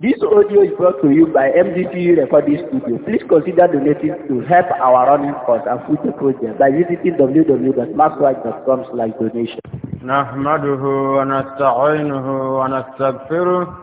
This audio is brought to you by MDPU Recording Studio. Please consider donating to help our running cost and future projects by visiting www.maxwatch.com slash donation. نحمده ونستعينه ونستغفره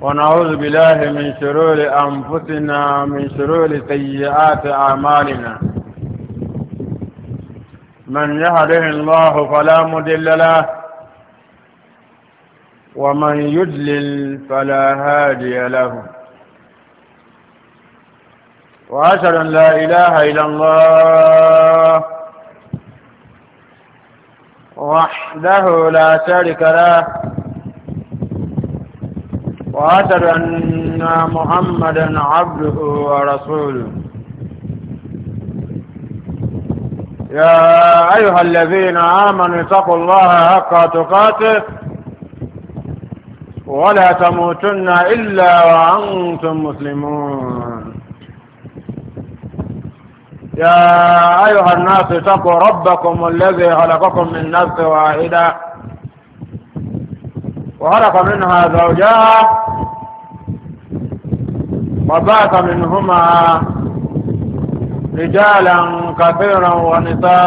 ونعوذ بالله من شرور أنفسنا ومن شرور سيئات أعمالنا من يهده الله فلا مضل له ومن يدلل فلا هادي له وأشهد أن لا إله إلا الله وحده لا شريك له وأشهد أن محمدا عبده ورسوله يا أيها الذين آمنوا اتقوا الله حق تقاته ولا تموتن إلا وأنتم مسلمون يا أيها الناس اتقوا ربكم الذي خلقكم من نفس واحدة وخلق منها زوجها وبعث منهما رجالا كثيرا ونساء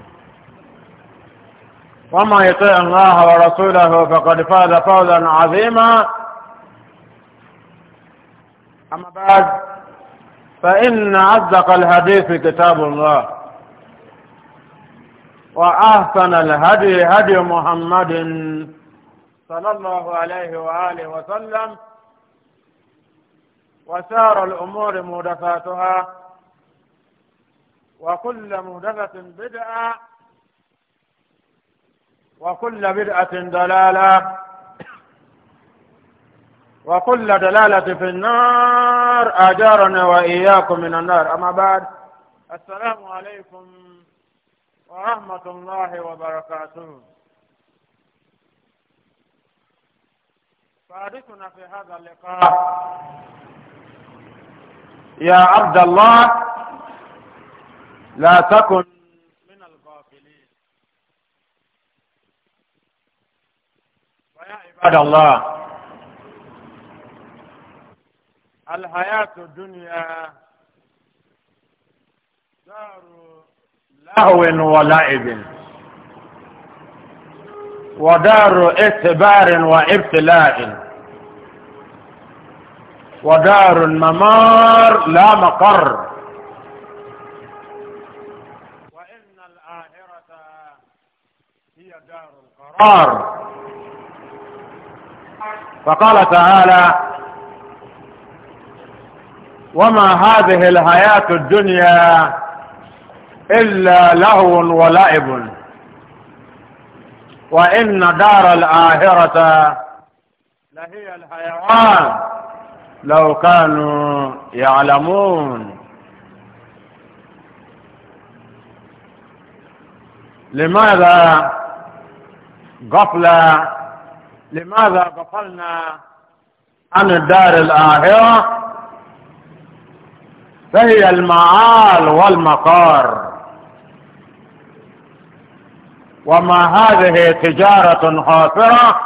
وما يطيع الله ورسوله فقد فاز فوزا عظيما أما بعد فإن أصدق الحديث كتاب الله وأحسن الهدي هدي محمد صلى الله عليه وآله وسلم وسار الأمور مدفاتها وكل مدفة بدعة وكل بدعة دلالة وكل دلالة في النار أجارنا وإياكم من النار أما بعد السلام عليكم ورحمة الله وبركاته فارسنا في هذا اللقاء يا عبد الله لا تكن عباد الله الحياة الدنيا دار لهو ولعب ودار اعتبار وابتلاء ودار الممار لا مقر وإن الآخرة هي دار القرار فقال تعالى وما هذه الحياة الدنيا إلا لهو ولعب وإن دار الآخرة لهي الحيوان لو كانوا يعلمون لماذا غفلة لماذا غفلنا عن الدار الآخرة فهي المعال والمقار وما هذه تجارة خافرة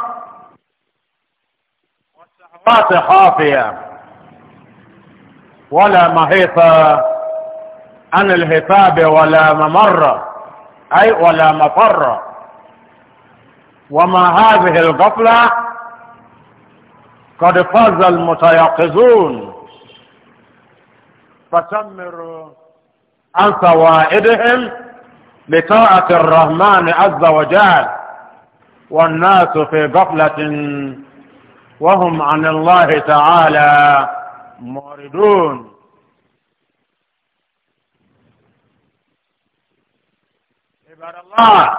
والشهوات خافية ولا مهيفة عن الحساب ولا ممر أي ولا مفر وما هذه الغفلة قد فاز المتيقظون فسمروا عن فوائدهم بطاعة الرحمن عز وجل والناس في غفلة وهم عن الله تعالى موردون عباد الله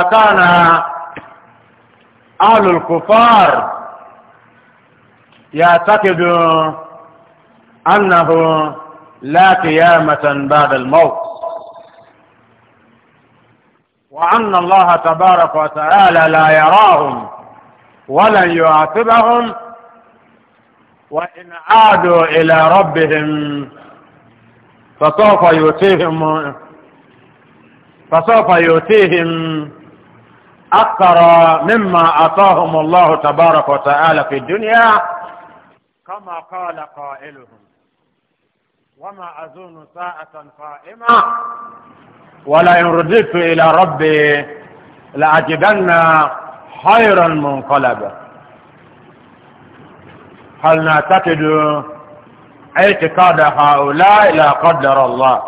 كان أهل الكفار يعتقد أنه لا قيامة بعد الموت وأن الله تبارك وتعالى لا يراهم ولن يعاقبهم وإن عادوا إلى ربهم فسوف يؤتيهم فسوف يؤتيهم أكثر مما أعطاهم الله تبارك وتعالى في الدنيا كما قال قائلهم وما أظن ساعة قائمة ولئن رددت إلى ربي لأجدن خيرا منقلبا هل نعتقد اعتقاد هؤلاء لا قدر الله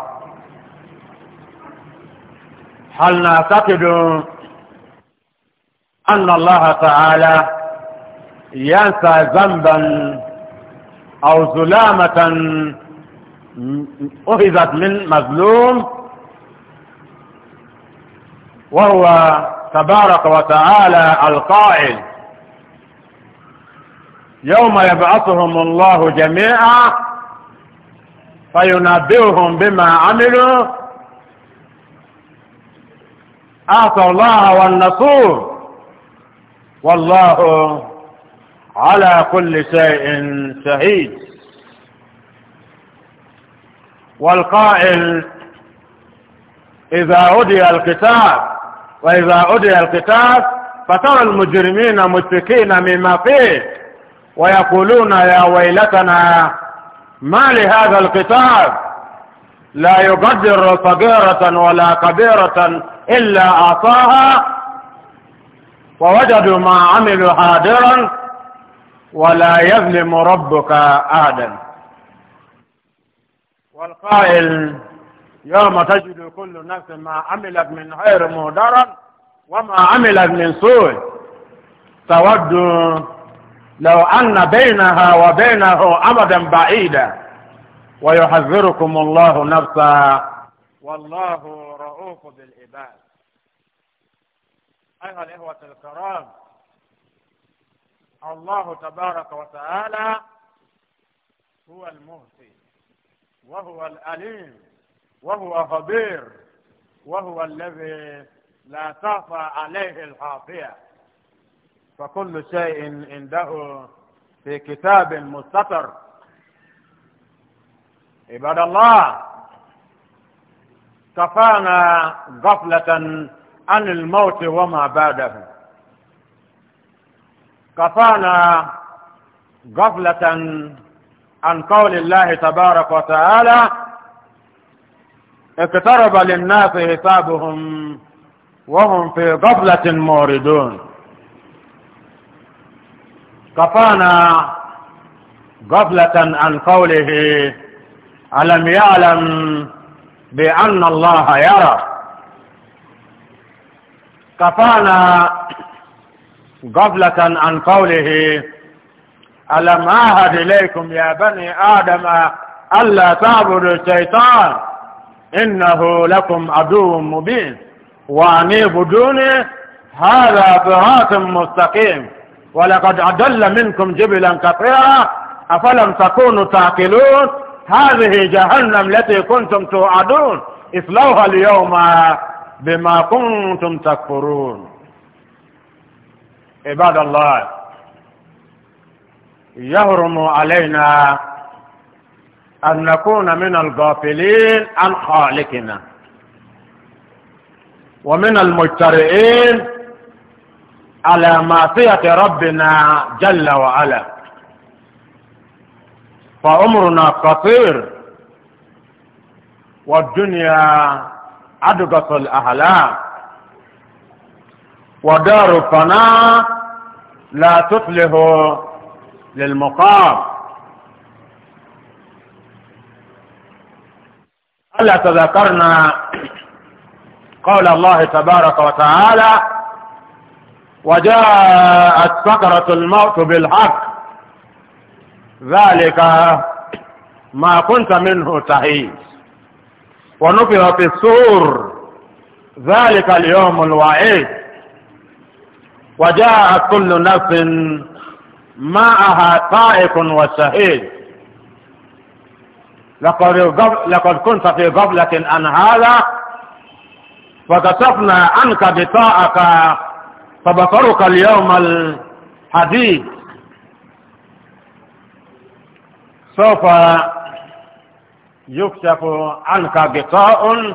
هل نعتقد أن الله تعالى ينسى ذنبا أو ظلامة أخذت من مظلوم وهو تبارك وتعالى القائل يوم يبعثهم الله جميعا فينبئهم بما عملوا أعطى الله والنصور والله على كل شيء شهيد والقائل إذا أدي الكتاب وإذا أدي الكتاب فترى المجرمين مشركين مما فيه ويقولون يا ويلتنا ما لهذا الكتاب لا يقدر صغيرة ولا كبيرة إلا أعطاها ووجدوا ما عملوا حاضرا ولا يظلم ربك أحدا والقائل يوم تجد كل نفس ما عملت من خير مهدرا وما عملت من سوء تود لو أن بينها وبينه أمدا بعيدا ويحذركم الله نفسا والله رؤوف بالعباد أيها الإخوة الكرام الله تبارك وتعالى هو المهتي وهو الأليم وهو خبير وهو الذي لا تخفى عليه الخافية فكل شيء عنده في كتاب مستتر عباد الله كفانا غفلة عن الموت وما بعده كفانا غفلة عن قول الله تبارك وتعالى اقترب للناس حسابهم وهم في غفلة موردون كفانا غفلة عن قوله ألم يعلم بأن الله يرى كفانا قبلة عن قوله ألم أعهد إليكم يا بني آدم ألا تعبدوا الشيطان إنه لكم عدو مبين وأن اعبدوني هذا صراط مستقيم ولقد أضل منكم جبلا كثيرا أفلم تكونوا تعقلون هذه جهنم التي كنتم توعدون اصلوها اليوم بما كنتم تكفرون عباد الله يهرم علينا أن نكون من الغافلين عن خالقنا ومن المجترئين على معصية ربنا جل وعلا فأمرنا قصير والدنيا عدقة الأحلام ودار الفناء لا تفلح للمقام ألا تذكرنا قول الله تبارك وتعالى وجاءت سكرة الموت بالحق ذلك ما كنت منه تهيج ونفر في السور ذلك اليوم الوعيد وجاءت كل نفس معها طائف وشهيد لقد, لقد كنت في غفلة عن هذا فكشفنا عنك بطاءك فبصرك اليوم الحديد سوف يكشف عنك غطاء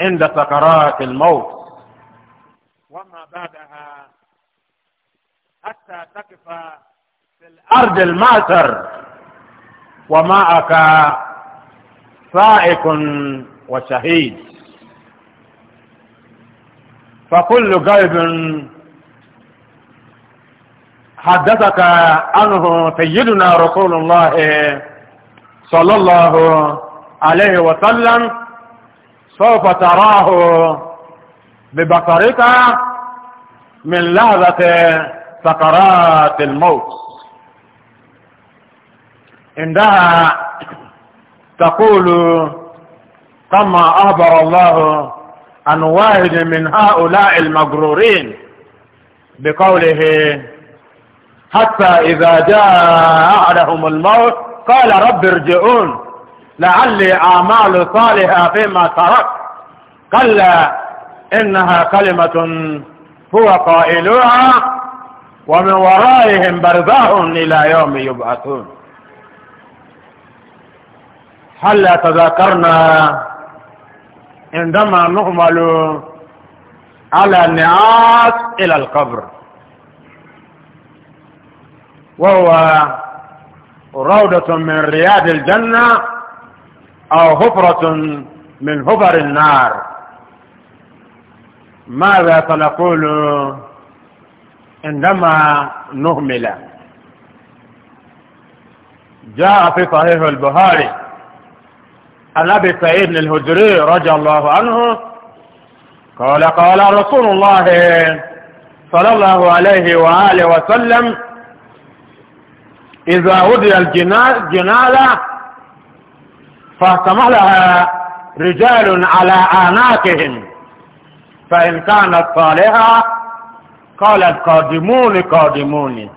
عند سكرات الموت وما بعدها حتى تقف في الأرض الماسر ومعك سائق وشهيد فكل قلب حدثك عنه سيدنا رسول الله صلى الله عليه وسلم سوف تراه ببصرك من لحظة سقرات الموت عندها تقول كما أخبر الله عن واحد من هؤلاء المغرورين بقوله حتى إذا جاء أحدهم الموت قال رب ارجعون لعلي أعمال صالحة فيما ترك قال إنها كلمة هو قائلها ومن ورائهم برزاه إلى يوم يبعثون هل تذكرنا عندما نهمل على النعاس إلى القبر وهو روضة من رياض الجنة أو هفرة من هفر النار ماذا سنقول عندما نهمل جاء في صحيح البخاري عن أبي سعيد الهجري رضي الله عنه قال قال رسول الله صلى الله عليه وآله وسلم إذا وضع الجنالة فاحتملها رجال على أعناقهم فإن كانت صالحة قالت قادمون قادمون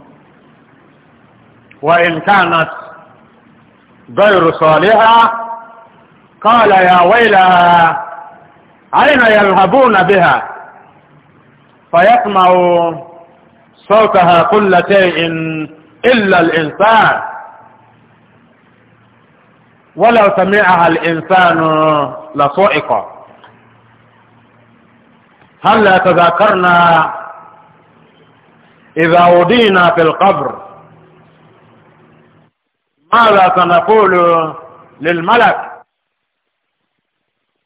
وإن كانت غير صالحة قال يا ويلها أين يذهبون بها فيسمع صوتها كل شيء إلا الإنسان ولو سمعها الإنسان لصعق هل لا تذاكرنا إذا وضينا في القبر ماذا سنقول للملك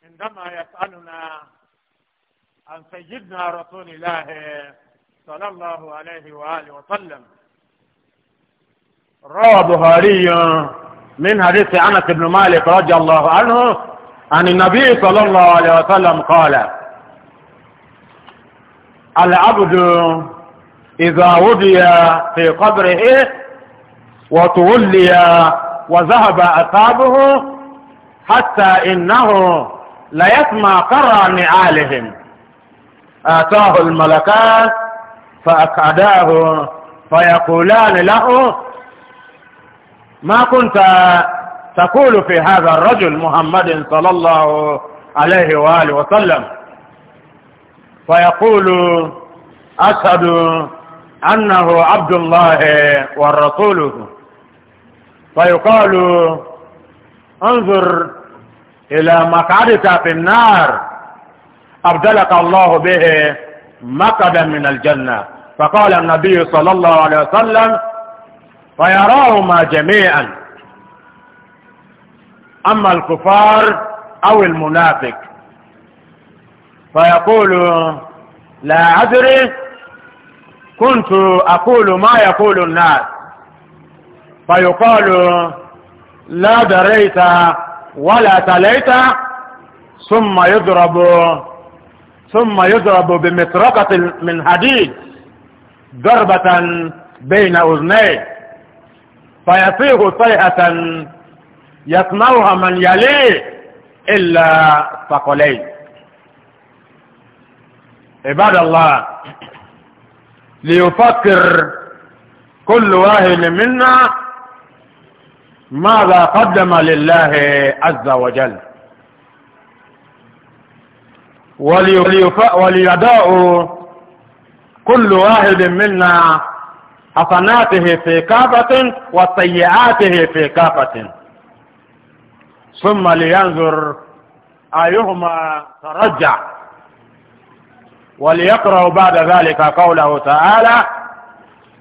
عندما يسألنا عن سيدنا رسول الله صلى الله عليه وآله وسلم روى بخاري من حديث أنس بن مالك رضي الله عنه عن النبي صلى الله عليه وسلم قال العبد إذا وضي في قبره وتولي وذهب أصابه حتى إنه ليسمع قرى نعالهم آتاه الملكات فأكعداه فيقولان له ما كنت تقول في هذا الرجل محمد صلى الله عليه وآله وسلم فيقول أشهد أنه عبد الله ورسوله فيقال انظر إلى مقعدك في النار أبدلك الله به مقدا من الجنة فقال النبي صلى الله عليه وسلم فيراهما جميعا أما الكفار أو المنافق فيقول لا أدري كنت أقول ما يقول الناس فيقال لا دريت ولا تليت ثم يضرب ثم يضرب بمطرقة من حديد ضربة بين أذنيه فيصيغ صيحة يصنعها من يليه إلا ثقلين عباد الله ليفكر كل واحد منا ماذا قدم لله عز وجل وليداء كل واحد منا حسناته في كافة وسيئاته في كافة ثم لينظر أيهما ترجع وليقرأ بعد ذلك قوله تعالى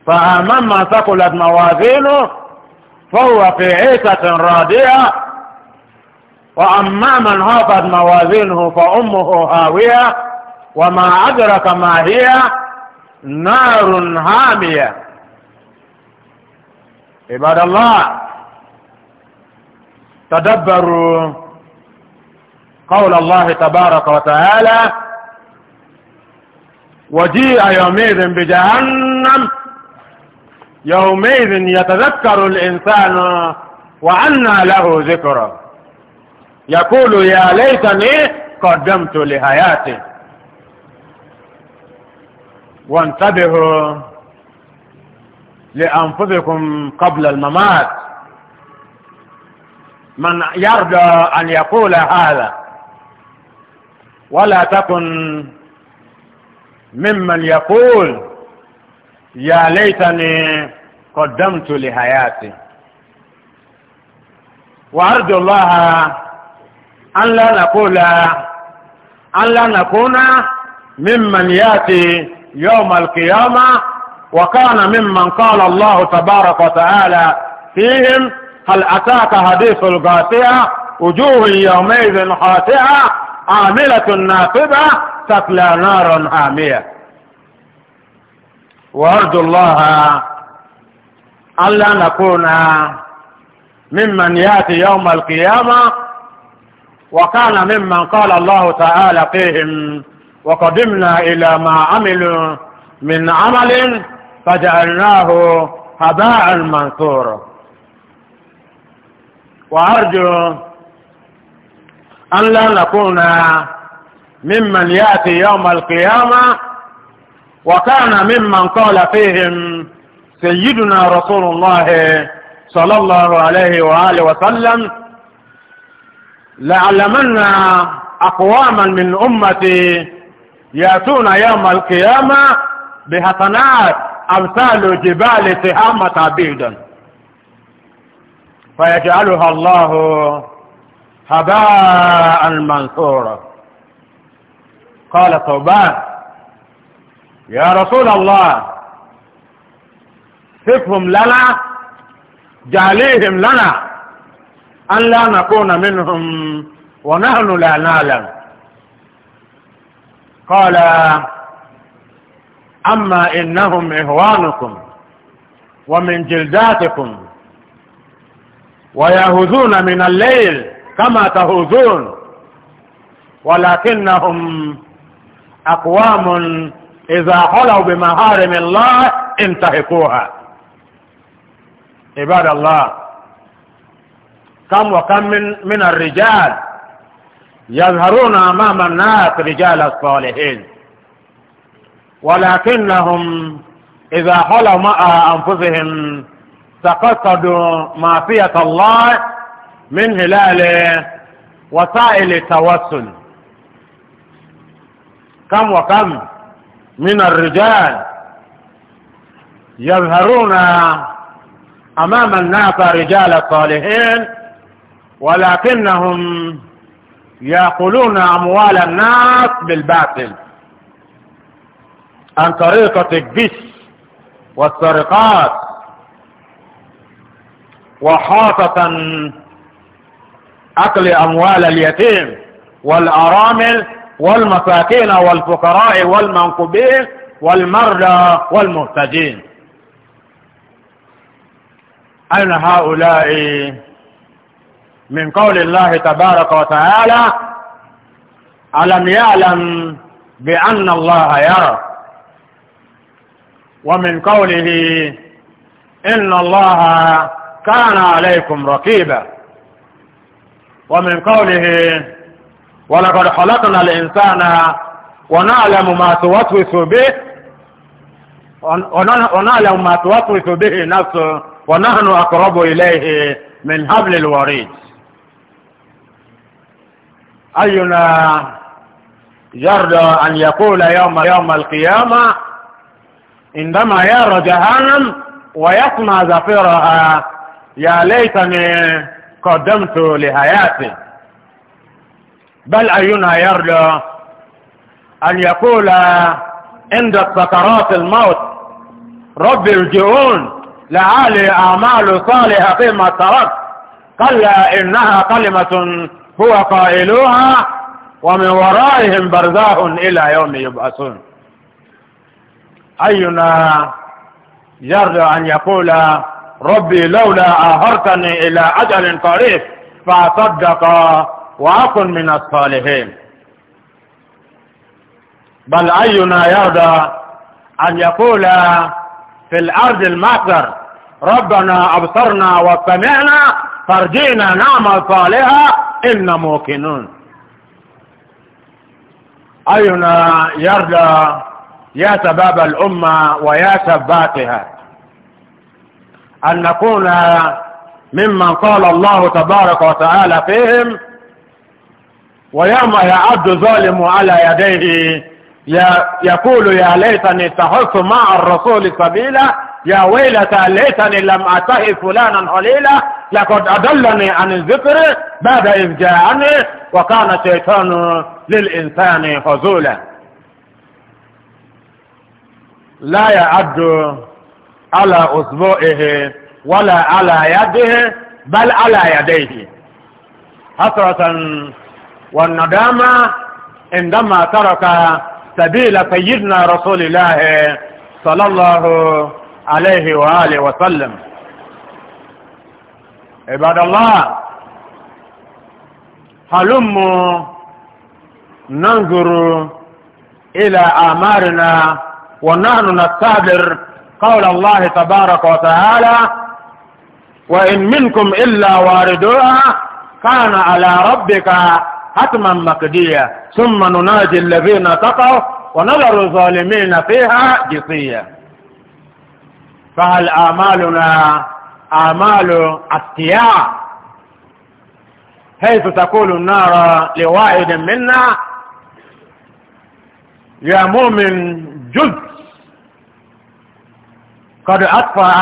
فأما من ثقلت موازينه فهو في عيشة راضية وأما من هافت موازينه فأمه هاوية وما أدرك ما هي نار هامية عباد الله تدبروا قول الله تبارك وتعالى وجيء يومئذ بجهنم يومئذ يتذكر الإنسان وأنى له ذكره يقول يا ليتني قدمت لحياتي وانتبهوا لأنفسكم قبل الممات من يرجى أن يقول هذا ولا تكن ممن يقول يا ليتني قدمت لحياتي وأرجو الله أن لا نقول أن لا نكون ممن يأتي يوم القيامة وكان ممن قال الله تبارك وتعالى فيهم هل أتاك حديث الغاسية وجوه يومئذ خاطئة عاملة نافبة تتلى نار عامية وأرجو الله ألا نكون ممن يأتي يوم القيامة وكان ممن قال الله تعالى فيهم وقدمنا إلى ما عملوا من عمل فجعلناه هباء منثورا وأرجو أن لا نكون ممن يأتي يوم القيامة وكان ممن قال فيهم سيدنا رسول الله صلى الله عليه وآله وسلم لعلمن أقواما من أمتي يأتون يوم القيامة بحسنات أمثال جبال تهامة بيدا فيجعلها الله هباء منثورا قال ثوبان يا رسول الله صفهم لنا جعليهم لنا أن لا نكون منهم ونحن لا نعلم قال أما إنهم إهوانكم ومن جلداتكم ويهذون من الليل كما تهذون ولكنهم أقوام إذا خلوا بمهارم الله انتهكوها عباد الله كم وكم من, من الرجال يظهرون أمام الناس رجال الصالحين ولكنهم إذا خلوا مع أنفسهم تقصدوا معصية الله من خلال وسائل التوسل كم وكم من الرجال يظهرون أمام الناس رجال الصالحين ولكنهم يأكلون أموال الناس بالباطل عن طريقة الجس والسرقات وخاصة أكل أموال اليتيم والأرامل والمساكين والفقراء والمنقوبين والمرضى والمهتدين أين هؤلاء من قول الله تبارك وتعالى ألم يعلم بأن الله يرى ومن قوله إن الله كان عليكم رقيبا ومن قوله ولقد خلقنا الإنسان ونعلم ما توسوس به ونعلم ما توسوس به نفسه ونحن أقرب إليه من حبل الوريد أينا يرضى أن يقول يوم يوم القيامة عندما يرى جهنم ويسمع زفيرها يا ليتني قدمت لحياتي بل أينا يرجو أن يقول عند سكرات الموت رب الجئون لعلي أعمال صالحة فيما تركت كلا إنها كلمة هو قائلوها ومن ورائهم برزاه إلى يوم يبعثون أينا يرجى أن يقول ربي لولا أهرتني إلى أجل قريب فأصدق وأكن من الصالحين بل أينا يرضى أن يقول في الأرض المقدر ربنا أبصرنا وسمعنا فرجينا نعمل صالحا إنا موقنون أينا يرضى يا شباب الأمة ويا شباتها أن نكون ممن قال الله تبارك وتعالى فيهم ويوم يعد ظالم على يديه يقول يا ليتني اتخذت مع الرسول سبيلا يا ويلتى ليتني لم أتهي فلانا خليلا لقد أدلني عن الذكر بعد إذ جاءني وكان الشيطان للإنسان خذولا láyà àdó àlà òsùbọ̀ èhè wàlà àlà àyàdéhè bal àlà àyàdéhè hasratan wà nàdámà ìndàmà tàràkà sàbílà fàyídnà rasulilláhi sallallahu alayhi wa alihi wa sallam ibadallah halummu nanzuru ila amarina ونحن نستهدر قول الله تبارك وتعالى وإن منكم إلا واردوها كان على ربك حتما مقديا ثم نناجي الذين تقوا ونظر الظالمين فيها جثيا فهل آمالنا آمال استياء حيث تقول النار لواحد منا يا مؤمن جزء قد أطفأ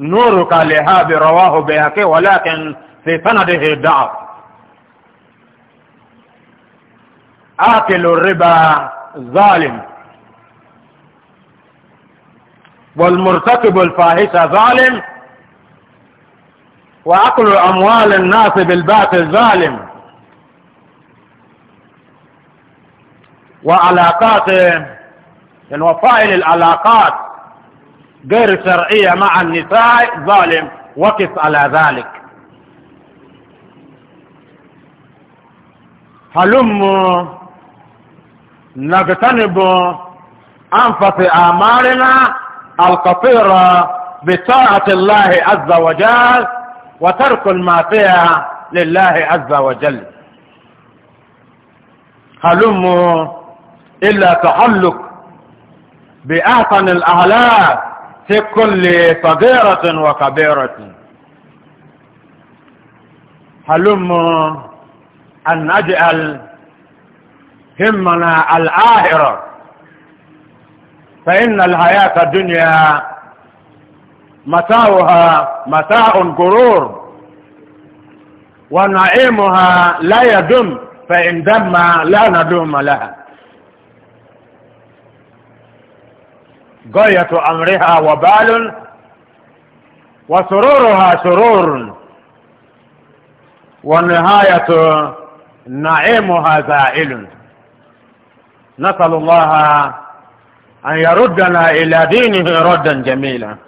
نورك لهذا رواه بهك ولكن في سنده ضعف آكل الربا ظالم والمرتكب الفاحشة ظالم وأكل أموال الناس بالباطل ظالم وعلاقات لأن وفائل العلاقات غير شرعية مع النساء ظالم وقف على ذلك هلم نجتنب أنفس أعمالنا القصيرة بطاعة الله عز وجل وترك المعصية لله عز وجل هلم إلا تحلق بأحسن الأهلاك في كل صغيرة وكبيرة هلم أن نجعل همنا الآخرة فإن الحياة الدنيا متاعها متاع غرور ونعيمها لا يدم فإن دم لا ندوم لها غاية أمرها وبال وسرورها سرور ونهاية نعيمها زائل نسأل الله أن يردنا إلى دينه ردا جميلا